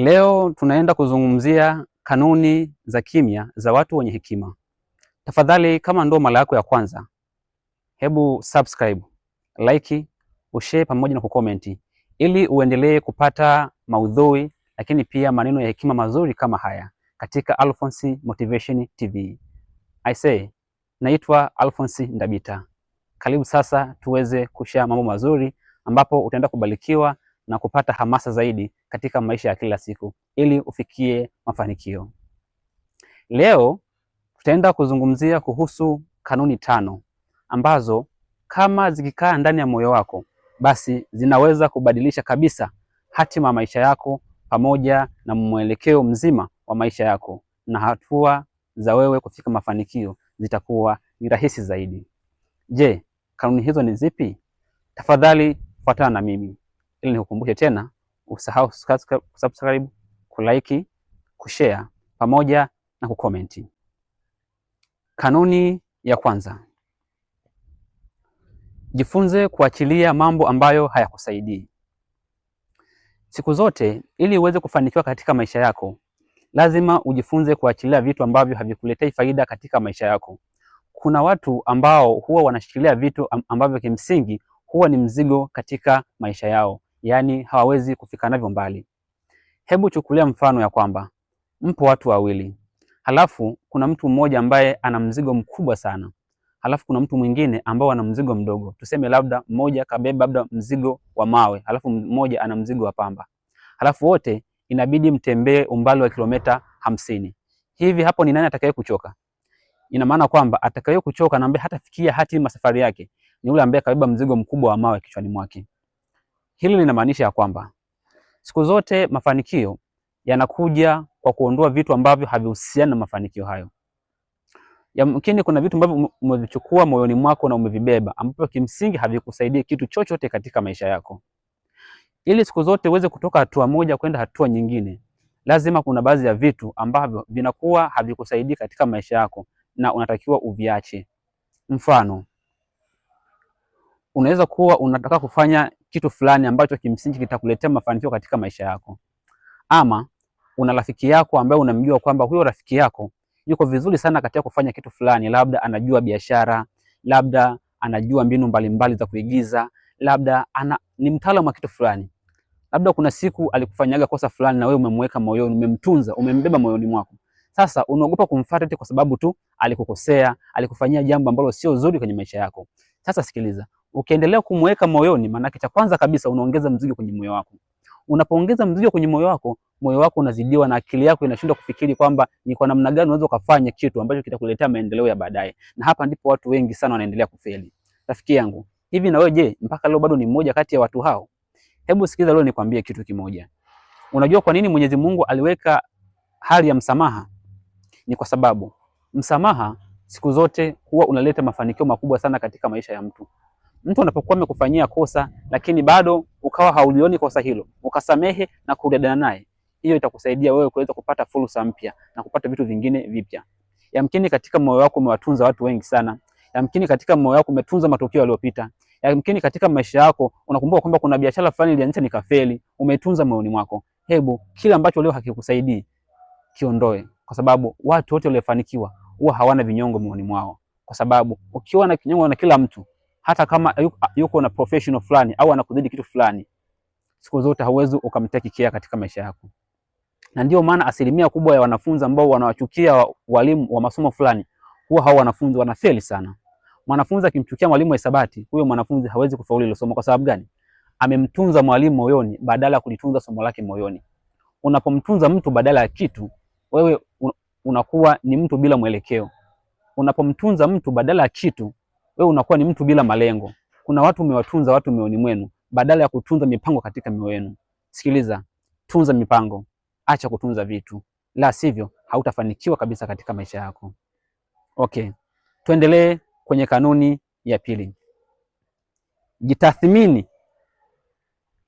Leo tunaenda kuzungumzia kanuni za kimya za watu wenye hekima. Tafadhali, kama ndo mara yako ya kwanza, hebu subscribe, like, ushare pamoja na kucomment ili uendelee kupata maudhui lakini pia maneno ya hekima mazuri kama haya katika Alphonsi Motivation TV. I say, naitwa Alphonsi Ndabita. Karibu sasa tuweze kushare mambo mazuri ambapo utaenda kubarikiwa na kupata hamasa zaidi katika maisha ya kila siku ili ufikie mafanikio. Leo tutaenda kuzungumzia kuhusu kanuni tano ambazo kama zikikaa ndani ya moyo wako, basi zinaweza kubadilisha kabisa hatima maisha yako pamoja na mwelekeo mzima wa maisha yako, na hatua za wewe kufika mafanikio zitakuwa ni rahisi zaidi. Je, kanuni hizo ni zipi? Tafadhali fuatana na mimi ili nikukumbushe tena, usahau kusubscribe, kulike, kushare pamoja na kukomenti. Kanuni ya kwanza, jifunze kuachilia mambo ambayo hayakusaidii. Siku zote ili uweze kufanikiwa katika maisha yako, lazima ujifunze kuachilia vitu ambavyo havikuletei faida katika maisha yako. Kuna watu ambao huwa wanashikilia vitu ambavyo kimsingi huwa ni mzigo katika maisha yao, yaani hawawezi kufika navyo mbali. Hebu chukulia mfano ya kwamba mpo watu wawili, halafu kuna mtu mmoja ambaye ana mzigo mkubwa sana, halafu kuna mtu mwingine ambao ana mzigo mdogo. Tuseme labda mmoja kabeba labda mzigo wa mawe, halafu mmoja ana mzigo wa pamba, halafu wote inabidi mtembee umbali wa kilomita hamsini hivi. Hapo ni nani atakaye kuchoka? Ina maana kwamba atakaye kuchoka na ambaye hatafikia hati masafari yake ni yule ambaye kabeba mzigo mkubwa wa mawe kichwani mwake. Hili linamaanisha ya kwamba siku zote mafanikio yanakuja kwa kuondoa vitu ambavyo havihusiani na mafanikio hayo. Yamkini kuna vitu ambavyo umevichukua moyoni mwako na umevibeba ambavyo kimsingi havikusaidii kitu chochote katika maisha yako. Ili siku zote uweze kutoka hatua moja kwenda hatua nyingine, lazima kuna baadhi ya vitu ambavyo vinakuwa havikusaidii katika maisha yako na unatakiwa uviache. Mfano, unaweza kuwa unataka kufanya kitu fulani ambacho kimsingi kitakuletea mafanikio katika maisha yako, ama una rafiki yako ambaye unamjua kwamba huyo rafiki yako yuko vizuri sana katika kufanya kitu fulani, labda anajua biashara, labda anajua mbinu mbalimbali mbali za kuigiza, labda ana, ni mtaalamu wa kitu fulani, labda kuna siku alikufanyaga kosa fulani na wewe umemweka moyoni, umemtunza, umembeba moyoni mwako. Sasa unaogopa kumfuata kwa sababu tu alikukosea, alikufanyia jambo ambalo sio zuri kwenye maisha yako. Sasa sikiliza, ukiendelea kumweka moyoni, maanake cha kwanza kabisa unaongeza mzigo kwenye moyo wako. Unapoongeza mzigo kwenye moyo wako, moyo wako unazidiwa na akili yako inashindwa kufikiri kwamba ni kwa namna gani unaweza kufanya kitu ambacho kitakuletea maendeleo ya baadaye, na hapa ndipo watu wengi sana wanaendelea kufeli. Rafiki yangu, hivi na wewe je, mpaka leo bado ni mmoja kati ya watu hao? Hebu sikiliza, leo nikwambie kitu kimoja. Unajua kwa nini Mwenyezi Mungu aliweka hali ya msamaha? Ni kwa sababu msamaha siku zote huwa unaleta mafanikio makubwa sana katika maisha ya mtu. Mtu anapokuwa amekufanyia kosa lakini bado ukawa haulioni kosa hilo, ukasamehe na kudadana naye, hiyo itakusaidia wewe kuweza kupata fursa mpya na kupata vitu vingine vipya. Yamkini katika moyo wako umewatunza watu wengi sana, yamkini katika moyo wako umetunza matukio yaliyopita, yamkini katika maisha yako unakumbuka kwamba kuna biashara fulani ilianza nikafeli, umetunza moyoni mwako. Hebu kile ambacho leo hakikusaidii kiondoe, kwa sababu watu wote waliofanikiwa huwa hawana vinyongo moyoni mwao, kwa sababu ukiwa na kinyongo na kila mtu, hata kama yuko na professional fulani au anakudhidi kitu fulani, siku zote hauwezi kia katika maisha yako. Na ndio maana asilimia kubwa ya wanafunzi ambao wanawachukia walimu wa masomo fulani huwa hao wanafunzi wanafeli sana. Mwanafunzi akimchukia mwalimu wa hisabati, huyo mwanafunzi hawezi kufaulu ile somo. Kwa sababu gani? Amemtunza mwalimu moyoni badala ya kulitunza somo lake moyoni. Unapomtunza mtu badala ya kitu, wewe unakuwa ni mtu bila mwelekeo. Unapomtunza mtu badala ya kitu, wewe unakuwa ni mtu bila malengo. Kuna watu umewatunza watu mioyoni mwenu badala ya kutunza mipango katika mioyo yenu. Sikiliza, tunza mipango, acha kutunza vitu, la sivyo hautafanikiwa kabisa katika maisha yako. Okay, tuendelee kwenye kanuni ya pili. Jitathmini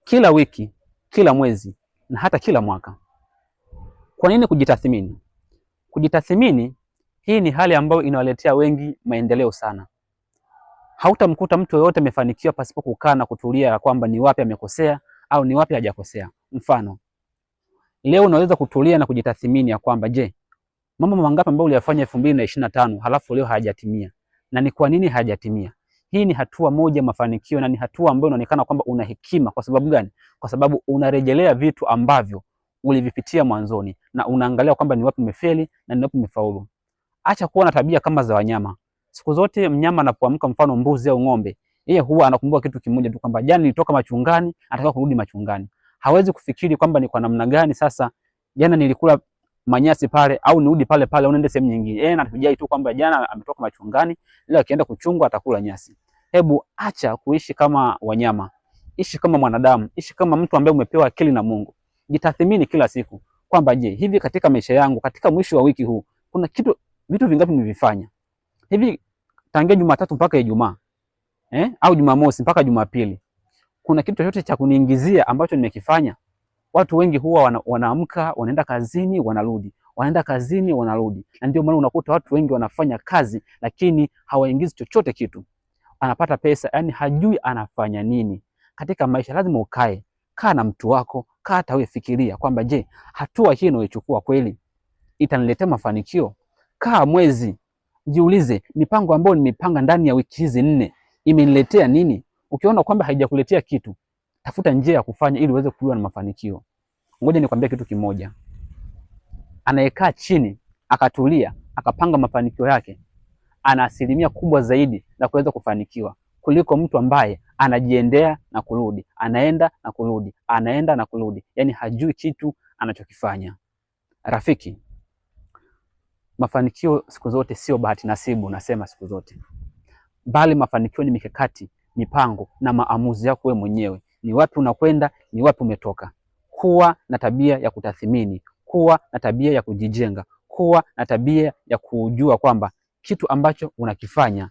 kila wiki, kila mwezi na hata kila mwaka. Kwa nini kujitathmini? Kujitathmini hii ni hali ambayo inawaletea wengi maendeleo sana. Hautamkuta mtu yeyote amefanikiwa pasipo kukaa na kutulia kwamba ni wapi amekosea au ni wapi hajakosea. Mfano, leo unaweza kutulia na kujitathmini ya kwamba je, mambo mangapi ambayo uliyafanya 2025 halafu leo hayajatimia na ni kwa nini hayajatimia? Hii ni hatua moja mafanikio na ni hatua ambayo inaonekana kwamba una hekima. Kwa sababu gani? Kwa sababu unarejelea vitu ambavyo ulivipitia mwanzoni na unaangalia kwamba ni wapi umefeli na ni wapi umefaulu. Acha kuwa na tabia kama za wanyama. Siku zote mnyama anapoamka, mfano mbuzi au ng'ombe, yeye huwa anakumbuka kitu kimoja tu kwamba jana nilitoka machungani, anataka kurudi machungani. Hawezi kufikiri kwamba ni kwa namna gani sasa jana nilikula manyasi pale au nirudi pale pale au niende sehemu nyingine. Yeye anatujai tu kwamba jana ametoka machungani, leo akienda kuchungwa atakula nyasi. Hebu acha kuishi kama wanyama. Ishi kama mwanadamu, ishi kama mtu ambaye umepewa akili na Mungu jitathmini kila siku kwamba je, hivi katika maisha yangu katika mwisho wa wiki huu kuna kitu vitu vingapi nimevifanya hivi tangia Jumatatu mpaka Ijumaa eh, au Jumamosi mpaka Jumapili, kuna kitu chochote cha kuniingizia ambacho nimekifanya? Watu wengi huwa wana, wanaamka wanaenda kazini wanarudi, wanaenda kazini wanarudi, na ndio maana unakuta watu wengi wanafanya kazi lakini hawaingizi chochote kitu, anapata pesa yani hajui anafanya nini katika maisha. Lazima ukae kaa na mtu wako, kata wewe fikiria kwamba je, hatua hii inayochukua kweli itaniletea mafanikio? Kaa mwezi, jiulize, mipango ambayo nimepanga ndani ya wiki hizi nne imeniletea nini? Ukiona kwamba haijakuletea kitu, tafuta njia ya kufanya ili uweze kuwa na mafanikio. Ngoja nikwambie kitu kimoja, anayekaa chini akatulia akapanga mafanikio yake ana asilimia kubwa zaidi na kuweza kufanikiwa kuliko mtu ambaye anajiendea na kurudi, anaenda na kurudi, anaenda na kurudi, yaani hajui kitu anachokifanya. Rafiki, mafanikio siku zote sio bahati nasibu, nasema siku zote, bali mafanikio ni mikakati, mipango na maamuzi yako wewe mwenyewe. Ni wapi unakwenda, ni wapi umetoka. Kuwa na tabia ya kutathimini, kuwa na tabia ya kujijenga, kuwa na tabia ya kujua kwamba kitu ambacho unakifanya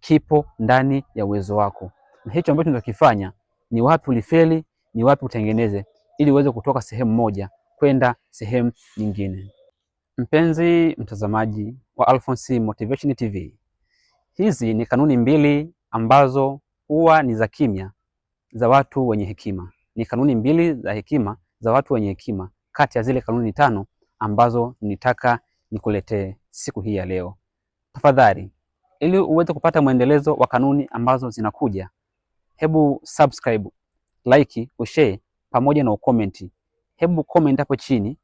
kipo ndani ya uwezo wako, na hicho ambacho tunakifanya ni wapi ulifeli, ni wapi utengeneze, ili uweze kutoka sehemu moja kwenda sehemu nyingine. Mpenzi mtazamaji wa Alphonsi Motivation TV, hizi ni kanuni mbili ambazo huwa ni za kimya za watu wenye hekima. Ni kanuni mbili za hekima za watu wenye hekima kati ya zile kanuni tano ambazo nitaka nikuletee siku hii ya leo. Tafadhali ili uweze kupata mwendelezo wa kanuni ambazo zinakuja, hebu subscribe, like, ushare pamoja na ukomenti. Hebu comment hapo chini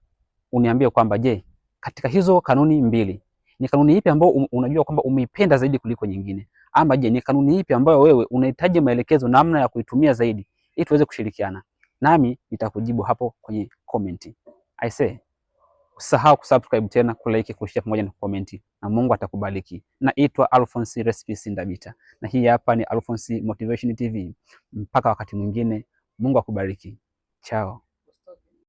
uniambie kwamba je, katika hizo kanuni mbili ni kanuni ipi ambayo unajua kwamba umeipenda zaidi kuliko nyingine, ama je, ni kanuni ipi ambayo wewe unahitaji maelekezo namna ya kuitumia zaidi, ili tuweze kushirikiana. Nami nitakujibu hapo kwenye comment. I say usahau kusubscribe tena, kulike, kushare pamoja na kukomenti, na Mungu atakubariki. Naitwa Alphonsi Recipes Ndabita na hii hapa ni Alphonsi Motivation TV. Mpaka wakati mwingine, Mungu akubariki. Chao.